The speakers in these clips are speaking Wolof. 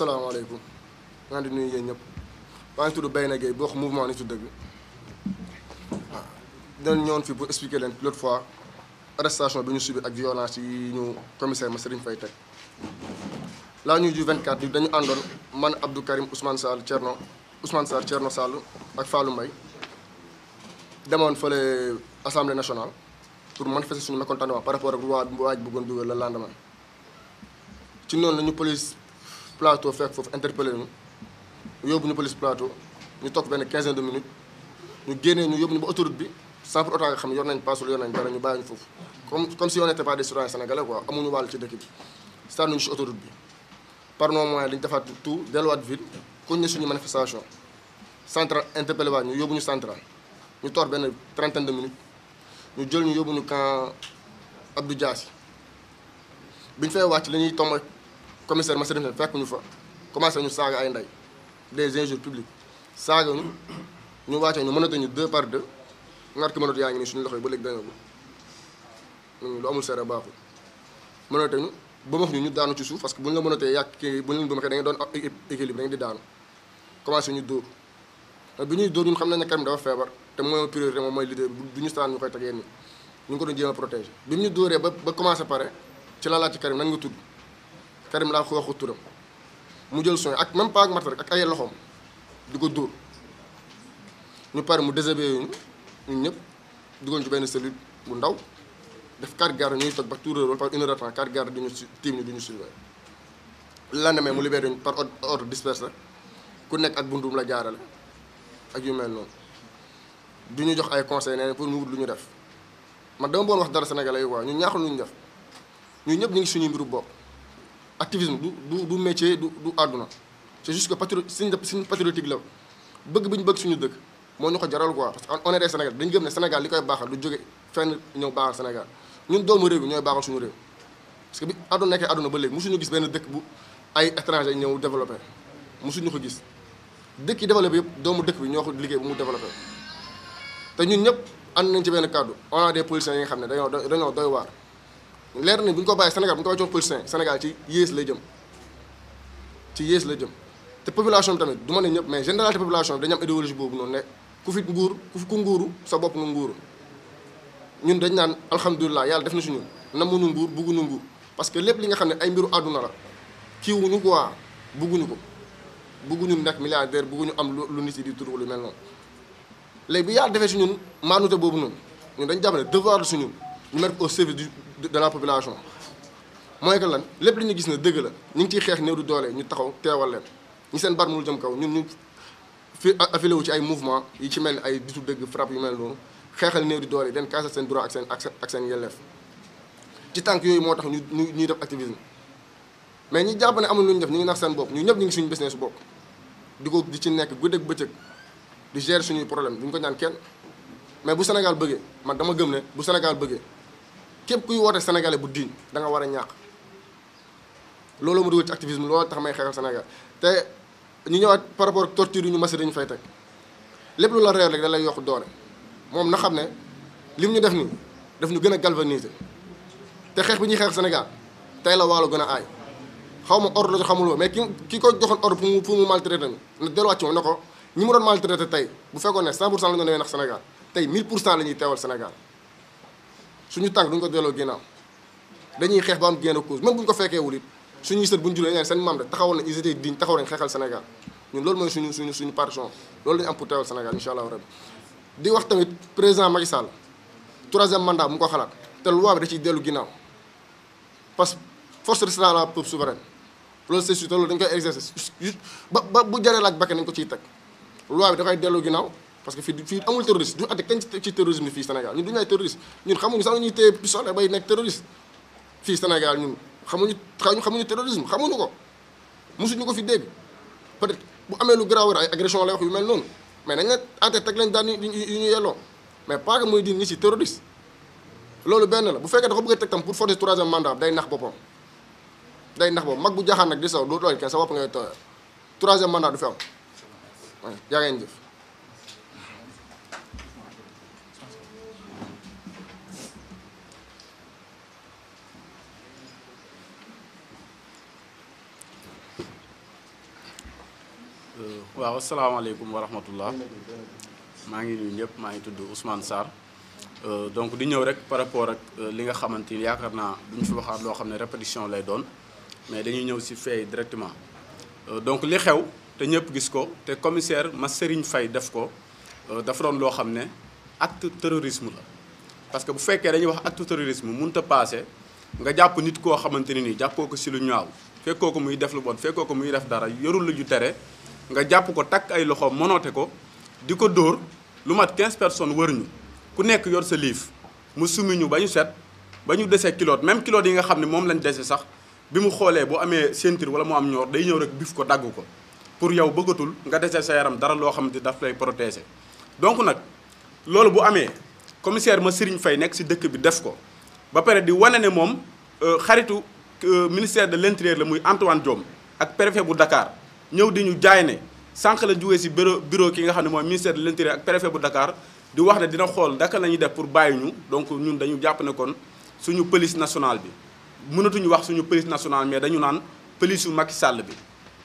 salaamaaleykum maa ngi di nuyu yéen ñëpp maa ngi tudd Bayna Gueye bokk mouvement Nitu Dëgg waaw ah, dinañ ñëwoon fii pour expliquer leen l'autre fois arrestation bi ñu subi ak violence yi ñu commissaire ma Serigne Faye teg laa ñuy ju 24 dañu àndoon man Abdou Karim Ousmane Sall Thierno usman Sall Thierno Sall ak Fallou Mbaye demoon fële assemblée nationale pour manifester suñu mécontentement par rapport ak loi bi waaj bëggoon dugal le lendemain ci noonu la police plateau fekk foofu interpellé ñu yóbbu ñu police plateau ñu toog benn quinzaine de minutes ñu génnee ñu yóbbu ñu ba autoroute bi sans pour autant nga xam ne yor nañ paasul yor nañ dara ñu bàyyi ñu foofu comme comme si on n'était pas des citoyens sénégalais quoi amuñu wàll ci dëkk bi sànni ñu si autoroute bi par nos moyens dañu defaat tout del ville kuñ ne suñu manifestation central interpellé waat ñu yóbbu ñu central ñu toog benn trentaine d minutes ñu jël ñu yóbbu ñu camp Abdou Diassi biñ fay wàcc la ñuy commissaire ma dem fekk ñu fa commencé ñu saaga ay ndey des injures publiques saaga ñu ñu wàccee ñu mënatuñu deux par deux ngar ki mënatu yaa ngi suñu loxo yi ba léegi dañoo lu amul seere baaxul mënatuñu ba max ñu ñu daanu ci suuf parce que bu ñu la mënatee yàq kii bu ñu leen duma da ngeen doon équilibre da ngeen di daanu ñu dóor bi ñun xam nañ ne Karim dafa feebar te mooy priorité moom mooy leader du ñu staan ñu koy teg yenn ñu ko doon jéem a bi mu ñu dóoree ba ba commencé pare ci laa laaj ci Karim nan nga tudd Karim laa ko waxu turam mu jël sooy ak même pas ak mat rek ak ay loxoom di ko dóor ñu pare mu déshabillé ñu ñun ñëpp duggoon ci benn selit bu ndaw def quatre gardes ñuy toog ba tuuréeroo par une de temps quatre gardes duñu si tiim ñu duñu surveiller lendemain mu libéré ku nekk ak bundum la jaarale ak yu mel noonu du ñu jox ay conseil nee pour ñu wut lu ñu def man dama boon wax dara Sénégalais yi waaw ñu ñaaxul lu ñu def ñëpp ñu ngi suñuy mbiru bopp activisme du du du métier du du àdduna c'est juste que patri suñu suñu patriotique la bëgg bi ñu bëgg suñu dëkk moo ñu ko jaral quoi parce que on est Sénégal dañu gëm ne Sénégal li koy baaxal du jóge fenn ñëw baaxal Sénégal ñu doomu réew mi ñooy baaxal suñu réew parce que bi àdduna nekkee àdduna ba léegi mosuñu gis benn dëkk bu ay étranger ñëw développé mosuñu ko gis dëkk yi développé yëpp doomu dëkk bi ñoo ko liggéey bu mu développé te ñun ñëpp ànd nañ ci benn kàddu on a des politiciens yi nga xam ne dañoo dañoo doy waar leer na bu ñu ko bàyyi Sénégal bu ñu ko wàccoon politicien Sénégal ci yées lay jëm ci yées la jëm te population bi tamit du ma ne ñëpp mais généralité population bi dañu am idéologie boobu noonu ne ku fi nguur sa bopp nga nguuru ñun dañ naan alhamdulilah yàlla def na si ñun namuñu nguur bugguñu nguur parce que lépp li nga xam ne ay mbiru àdduna la kiiwuñu quoi bugguñu ko bugguñu nekk milliardaire bugguñu am lu nit yi di tur lu mel noonu léegi bi yàlla defee si ñun maanute boobu noonu ñun dañ jàpp ne devoir la si ñun ñu mettre au service du de la population mooy que lan lépp li ñu gis ne dëgg la ñu ngi ciy xeex néew du doole ñu taxaw teewal leen ñi seen bar mu jëm kaw ñun ñu fi affilé wu ci ay mouvement yi ci mel ni ay ditu dëgg frappe yu mel noonu xeexal néew doole yi den seen droit ak seen ak seen ci tànk yooyu moo tax ñu ñu ñuy def activisme mais ñi jàpp ne amul lu ñu def ñu ngi nax seen bopp ñu ñëpp ñu ngi suñu business bopp di ko di ci nekk guddeeg bëccëg di gérer suñuy problème duñ ko ñaan kenn mais bu Sénégal bëggee man dama gëm ne bu Sénégal bëggee yépp kuy woote sénégalais bu diñ da war a ñàq loolu mu dugal ci activisme loolu tax may xeexal Sénégal te ñu ñëwaat par rapport ak torture yi ñu masi dañu fay teg lépp lu la réer rek da lay yokk doole moom na xam ne lim ñu def nii daf ñu gën a galvaniser te xeex bi ñuy xeex Sénégal tey la waalo a aay xaw ma ordre la xamul woon mais ko joxoon ordre pour mu pour mu maltraité na ne ko ñi mu doon maltraité tey bu fekkoon ne 100 pour cent la nax Sénégal tey 1000 pour cent la ñuy teewal Sénégal suñu tànk duñ ko delloo ginnaaw dañuy xeex ba am gain de cause même bu ko fekkee wul it suñu sët bu ñu julee seen maam rek taxawal na ils étaient dignes taxaw nañ xeexal Sénégal ñun loolu mooy suñu suñu suñu partition loolu lañu am pour teewal di wax tamit président Macky Sall troisième mandat mu ko xalaat te loi da ciy dellu ginnaaw parce que force restera à la peuple souverain loolu c'est sûr te loolu dañu koy exercer ba ba bu jaree laaj bakkan nañu ko ciy teg loi bi dafay koy dellu ginnaaw parce que fii fii amul terroriste duñu atte kenn ci terrorisme bi fii Sénégal ñun duñu ay terroriste xamuñu sax ñuy téye pistolet bay nekk terroriste xamuñu xamuñu terrorisme xamuñu ko ko fi dégg peut-être bu amee lu garaaw ay agression lay wax yu mel noonu mais nañ la atte teg leen daan yu ñu yelloo mais pas que muy di ni ci terroriste loolu benn la bu fekkee da ko bëgg a teg tam pour forcer troisième mandat day nax boppam day nax boppam mag bu jaaxaan nag di saw doo dool kenn sa bopp ngay tooyal troisième mandat du fi am waaw asalaamaaleykum wa rahmatullah maa ngi nuyu ñëpp maa ngi tudd Ousmane Sarr euh, donc di ñëw rek par rapport ak euh, li nga xamante ni yaakaar naa duñ fi waxaat loo xam ne répétition lay doon mais dañuy ñëw si fee directement euh, donc li xew te ñëpp gis ko te commissaire ma Serigne Faye def ko dafa doon loo xam ne acte terrorisme la parce que bu fekkee dañuy wax acte terrorisme mënut a passé nga jàpp nit koo xamante ne nii jàppoo ko si lu ñaaw fekkoo ko muy def lu bon fekkoo ko muy def dara yorul lu ju tere nga jàpp ko takk ay loxo monote ko di ko dóor lu mat 15 personnes wëruñu ku nekk yor sa liif mu sumi ñu ba ñu set ba ñu desee kilote même kilote yi nga xam ne moom lañ desee sax bi mu xoolee bu amee ceinture wala mu am ñoor day ñëw rek bif ko dagg ko pour yow bëggatul nga dese sa yaram dara loo xam ne daf lay protéger donc nag loolu bu amee commissaire ma Serigne fay nekk si dëkk bi def ko ba pare di wane ne moom euh, xaritu euh, ministère de l'intérieur la muy Antoine Diome ak préfet bu Dakar ñëw di ñu jaay ne sànq la jógee si bureau bureau ki nga xam ne mooy ministère de l'intérieur ak préfet bu Dakar di wax ne dina xool daka la ñuy def pour bàyyi ñu donc ñun dañu jàpp ne suñu police nationale bi mënatuñu wax suñu pëlis nationale mais dañu naan police yu mag sàll bi.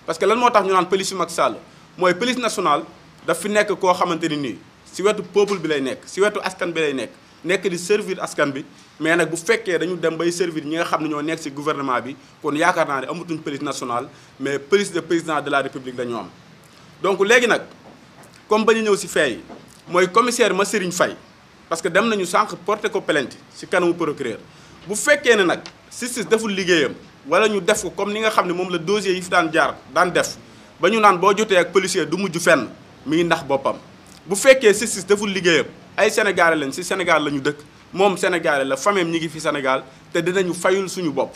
parce que lan moo tax ñu naan police yu mag Sall mooy police nationale daf nekk koo xamante ni nii si wetu peuple bi lay nekk si wetu askan bi lay nekk. nekk di servir askan bi mais nag bu fekkee dañu dem bay servir ñi nga xam ne ñoo nekk ci gouvernement bi kon yaakaar naa ne amatuñ police nationale mais police de président de la république dañu am donc léegi nag comme ba ñu ñëw si feey mooy commissaire ma Serigne Faye parce que dem nañu sànq porter ko plainte ci kanamu procureur bu fekkee ne nag justice deful liggéeyam wala ñu def ko comme ni nga xam ne moom la dossier yi fi daan jaar daan def ba ñu naan boo jotee ak policier du mujj fenn mi ngi ndax boppam bu fekkee justice deful liggéeyam ay sénégalais leen ci Sénégal la ñu dëkk moom sénégalais la famille ñi ngi fi Sénégal te dinañu fayul suñu bopp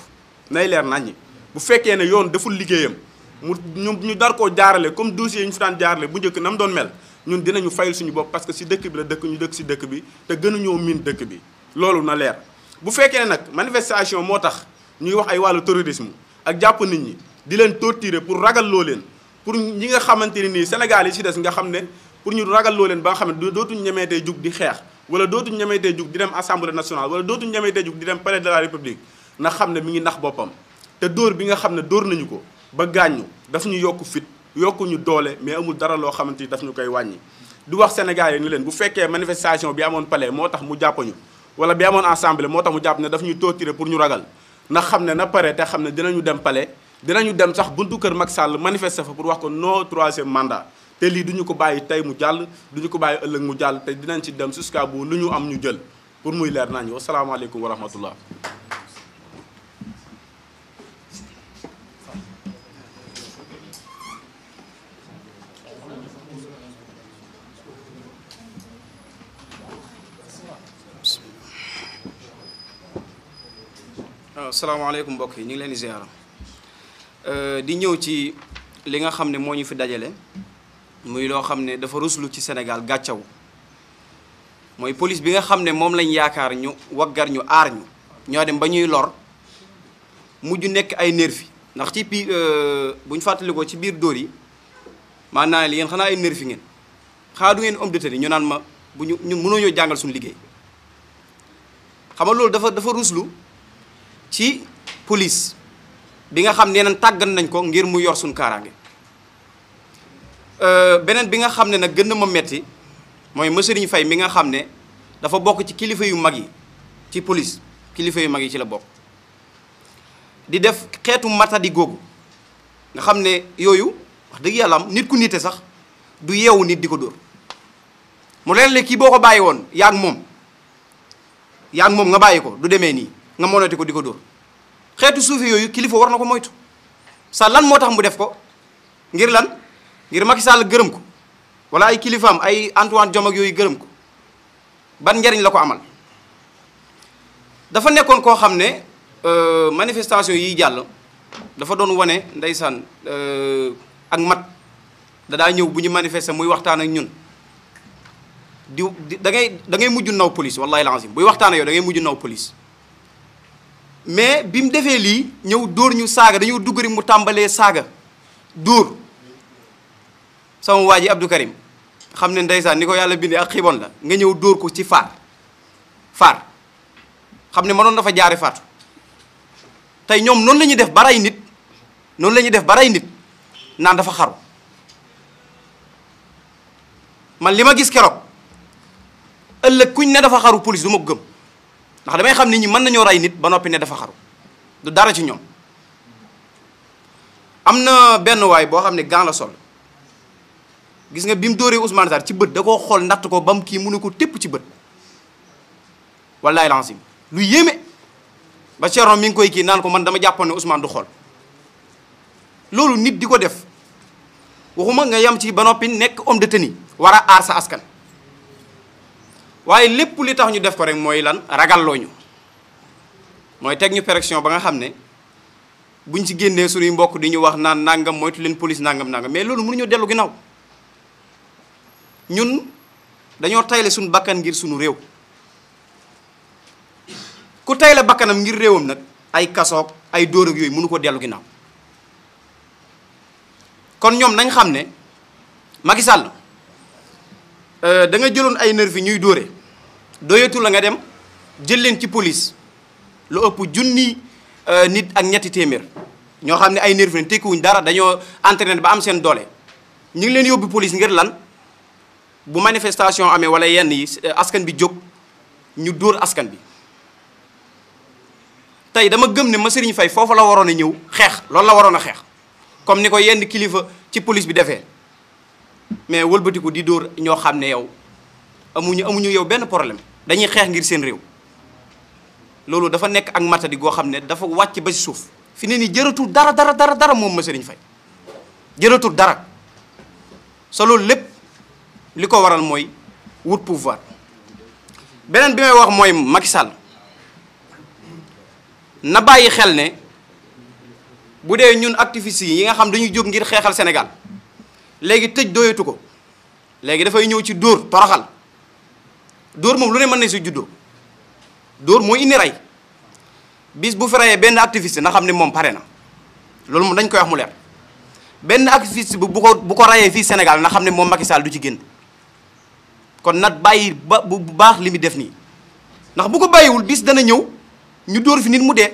nay leer naññi bu fekkee ne yoon deful liggéeyam mu ñu ñu dar koo jaarale comme dossier yi ñu fi daan jaarale bu njëkk na mu doon mel ñun dinañu fayul suñu bopp parce que ci dëkk bi la dëkk ñu dëkk ci dëkk bi te gënuñoo miin dëkk bi loolu na leer bu fekkee ne nag manifestation moo tax ñuy wax ay wàllu terrorisme ak jàpp nit ñi di leen torturer pour ragal loo leen pour ñi nga xamante ne nii Sénégal yi ci des nga xam ne pour ñu ragal loo leen ba nga xam ne dootuñ ñemeetee jug di xeex wala dootuñ ñemeetee jug di dem assemblée nationale wala dootuñ ñemeetee jug di dem palais de la république na xam ne mi ngi nax boppam te door bi nga xam ne dóor nañu ko ba gaañu daf ñu yokk fit yokkuñu doole mais amul dara loo xamante ni daf ñu koy wàññi du wax Sénégal yi ni leen bu fekkee manifestation bi amoon pale moo tax mu jàpp ñu wala bi amoon assemblée moo tax mu jàpp ne daf ñuy torturer pour ñu ragal na xam ne na pare te xam ne dinañu dem palais dinañu dem sax buntu kër Macky Sall manifester fa pour wax ko non troisième mandat te lii du ñu ko bàyyi tey mu jàll du ñu ko bàyyi ëllëg mu jàll te dinañ ci dem jusqu'à bu lu ñu am ñu jël pour muy leer nañu wasalaamaaleykum wa rahmatullah ah, salaamaaleykum mbokk yi ñu ngi leen di ziara euh, di ñëw ci li nga xam ne moo ñu fi dajale muy loo xam ne dafa ruslu ci Sénégal gàccaw mooy police bi nga xam ne moom lañ yaakaar ñu waggar ñu aar ñu ñoo dem ba ñuy lor mujj nekk ay nervi ndax ci biir bu ñu fàttalikoo ci biir dóor yi maanaam naa ne yéen xanaa ay nervi ngeen xanaa du ngeen homme de ñu naan ma bu ñu ñun mënoo ñoo jàngal suñu liggéey xam nga loolu dafa dafa ruslu ci police bi nga xam ne neen tàggat nañ ko ngir mu yor suñu kaaraange. Euh, beneen bi nga xam ne nag gën na ma metti mooy Serigne fay mi nga xam ne dafa bokk ci kilifa yu mag yi ci police kilifa yu mag yi ci la bokk di def xeetu matadi googu nga xam ne yooyu wax dëgg yàllam nit ku nite sax du yeewu nit di ko dóor mu leen la kii boo ko bàyyi woon yaa moom yaa moom nga bàyyi ko du demee nii nga monati ko di ko dóor xeetu suufi yooyu kilifa war na ko moytu sa lan moo tax mu def ko ngir lan ngir Macky Sall gërëm ko wala ay kilifaam ay Antoine Diome yooyu gërëm ko ban njariñ la ko amal dafa nekkoon koo xam ne euh, manifestation yiy jàll dafa doon wane ndeysaan euh, ak mat dadaa ñëw bu ñu manifester muy waxtaan ak ñun di da ngay da ngay mujj naw police wallahi lazim buy waxtaan ak yow da mujj naw police mais bi mu defee lii ñëw dóor ñu saaga dañoo dugg mu tàmbalee saaga dóor sama waa ji Abdou Karim xam ne ndeysaan ni ko yàlla bindee ak xiibon la nga ñëw dóor ko ci faar faar xam ne manoon dafa jaare faatu tey ñoom noon la def baray nit noonu la def baray nit naan dafa xaru man li ma gis keroog ëllëg kuñ ne dafa xaru police du ma ko gëm ndax damay xam nit ñi mën nañoo rey nit ba noppi ne dafa xaru du dara ci ñoom am na benn waay boo xam ne gan la sol gis nga bi mu dóoree Ousmane Sarr ci bët da koo xool natt ko ba kii mu ko tépp ci bët wallaay lancim lu yéeme ba Thierno mi ngi koy kii naan ko man dama jàppoon ne Ousmane du xool loolu nit di ko def waxuma nga yam ci ba noppi nekk om de tenue war a aar sa askan waaye lépp li tax ñu def ko rek mooy lan ragalloo ñu mooy teg ñu pression ba nga xam ne buñ ci génnee suñuy mbokk di ñu wax naan nangam moytu leen police nangam nangam mais loolu mënuñu dellu ginnaaw ñun dañoo tayle suñu bakkan ngir suñu réew ku tayle bakkanam ngir réewam nag ay kasoog ay dóor ak yooyu mënu ko dellu gi naaw kon ñoom nañ xam ne Macky Sall euh, da nga jëloon ay nerf yi ñuy dóore doyatul la nga dem jël leen ci police lu ëpp junni euh, nit ak ñetti téeméer ñoo xam ne ay nerf yi tekkiwuñ dara dañoo entraîné ba am seen doole ñu ngi leen yóbbu police ngir lan. bu manifestation amee wala yenn yi askan bi jóg ñu dóor askan bi tey dama gëm ne ma Serigne Faye foofu la waroon a ñëw xeex loolu la waroon a xeex comme ni ko yenn kilifa ci police bi defee mais wëlbatiku di dóor ñoo xam ne yow amuñu amuñu yow benn problème dañuy xeex ngir seen réew loolu dafa nekk ak matadi goo xam ne dafa wàcc ba ci suuf fi ne nii jëratul dara dara dara dara moom ma Serigne Faye jëratul dara sa loolu lépp li ko waral mooy wut pouvoir beneen bi may wax mooy Macky Sall na bàyyi xel ne bu dee ñun activistes yi nga xam dañuy jóg ngir xeexal Sénégal léegi tëj doyatu ko léegi dafay ñëw ci dóor toroxal dóor moom lu ne mën na si juddoo dóor mooy indi rey bis bu fi reyee benn activiste na xam ne moom pare na loolu moom dañ koy wax mu leer benn activiste bu bu ko bu ko reyee fii Sénégal na xam ne moom Macky Sall du ci génn. kon nat bàyyi ba bu baax li mu def nii ndax bu ko bàyyiwul bis dana ñëw ñu dóor fi nit mu dee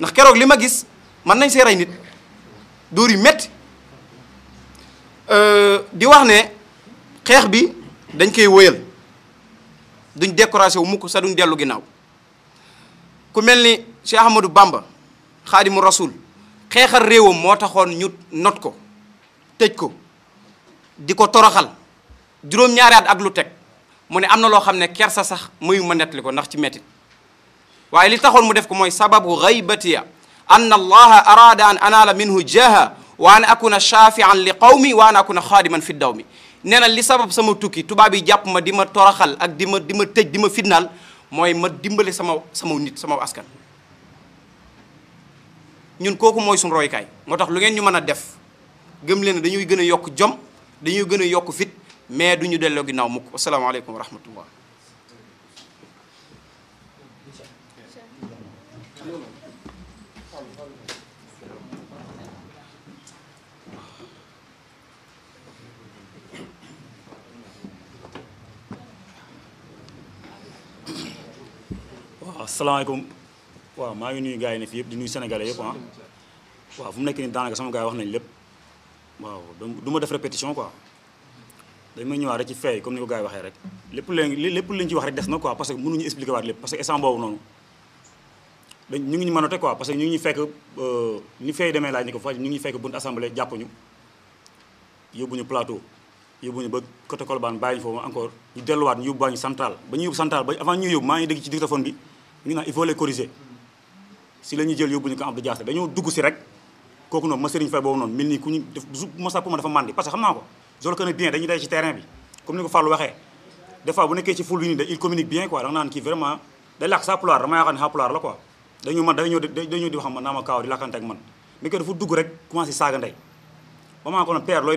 ndax keroog li ma gis mën nañ see rey nit dóor yu métti euh, di wax ne xeex bi dañ koy wóyal duñ décoration wu mukk sa duñ dellu ginnaaw ku mel ni Cheikh bàmba xaadi mu rasul xeexal réewam moo taxoon ñu not ko tëj ko di ko toroxal juróom-ñaari at ak lu teg mu ne am na loo xam ne kersa sax mayu ma nettali ko ndax ci mettit waaye li taxoon mu def ko mooy sababu gaybatiya an allaha araada an anaala minhu jaha wa an akuna shafian li qawmi wa an akuna xaadiman fi dawmi nee na li sabab sama tukki tubaab yi jàpp ma di ma toroxal ak di ma di ma tëj di ma fitnaal mooy ma dimbale sama sama nit sama askan ñun kooku mooy suñu roykaay moo tax lu ngeen ñu mën a def gëm leen dañuy gën a yokk jom dañuy gën a yokk fit mais du ñu delloo ginnaaw mukk asalaamaaleykum wa rahmatullah waaw maa ngi nuy gaa yi ne fii yëpp di nuyu sénégalais yëpp ah waaw fu mu nekk nii daanaka sama gars yi wax nañ lépp waaw duma def répétition quoi dañ may ñëwaat rek wax rek des na quoi parce que mënuñu expliquer dañ ñu ngi ñu mënote quoi parce que ñu ñu fekk euh, ni fee demee laaj ñu ngi fekk buntu assemblée jàpp ñu yóbbuñu plateau yóbbuñu ba côté Colobane bàyyi ñu foofu encore ñu delluwaat ñu ñu central ba ñu yóbbu central ba ñu yóbbu maa ngi dégg ci dictaphone bi ñu naan il faut les corriger si la ñuy jël yóbbuñu ko Abdou Diassé dañoo dugg si rek kooku noonu ma Serigne Faye boobu noonu mel nii ku ñu def ma dafa màndi parce xam naa ko zone que ne bien dañuy day ci terrain bi comme ni ko Fallou waxee des bu nekkee ci ful bi nii da il communique bien quoi da naan kii vraiment man dañu dañu di wax man naa ma kaaw di làkkante ak man dafa dugg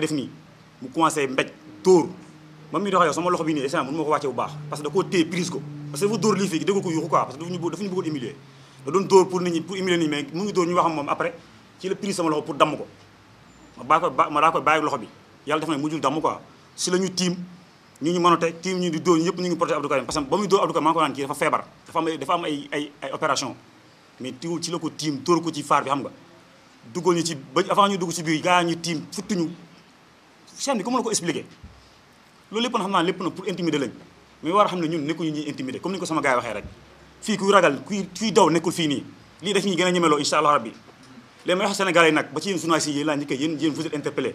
def nii mu commencé mbéj dóor ba muy doxee yow sama loxo bi nii essai mënu dafa ñu dafa ñu da doon dóor pour nit ñi pour humilier nit mais mu ngi dóor ñu wax moom après ci la prise sama loxo pour damm ko ma baa ko ma daa koy bàyyi loxo bi yàlla def na mujjul damm quoi si la ñu tiim ñu ñu mënote tiim ñu di dóor ñëpp ñu ngi protéger Abdou Karim parce que ba muy dóor Abdou Karim maa ko naan kii dafa feebar dafa am ay ay mais ci la ko tiim dóor ko ci faar bi nga duggoon ñu ci ba avant dugg ci biir gaa ñu tiim futtuñu chaîne bi comme la ko na xam naa lépp na pour intimider lañ mais war a comme ni ko sama gars yi waxee rek fii kuy ragal kuy kuy daw nekkul fii nii lii def ñuy gën a ñemeloo incha allah rabbi léegi may wax Sénégalais nag ba ci yéen journalistes yi yéen laa njëkkee yéen yéen vous êtes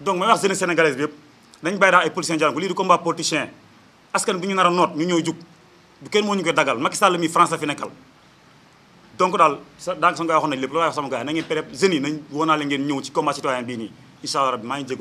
donc may wax jeunesse sénégalaise bi yëpp nañ bàyyi daal ay politiciens jaram ko lii di combat politicien askan bi ñu nar a noot ñu ñëw jug du kenn moo ñu koy dagal Macky Sall mi France la fi nekkal donc daal sa daanaka sama gars waxoon nañ lépp loolu wax sama gars yi na ngeen pré jeunes nañ woo leen ngeen ñëw ci combat citoyen bii nii incha allah rabbi maa ngi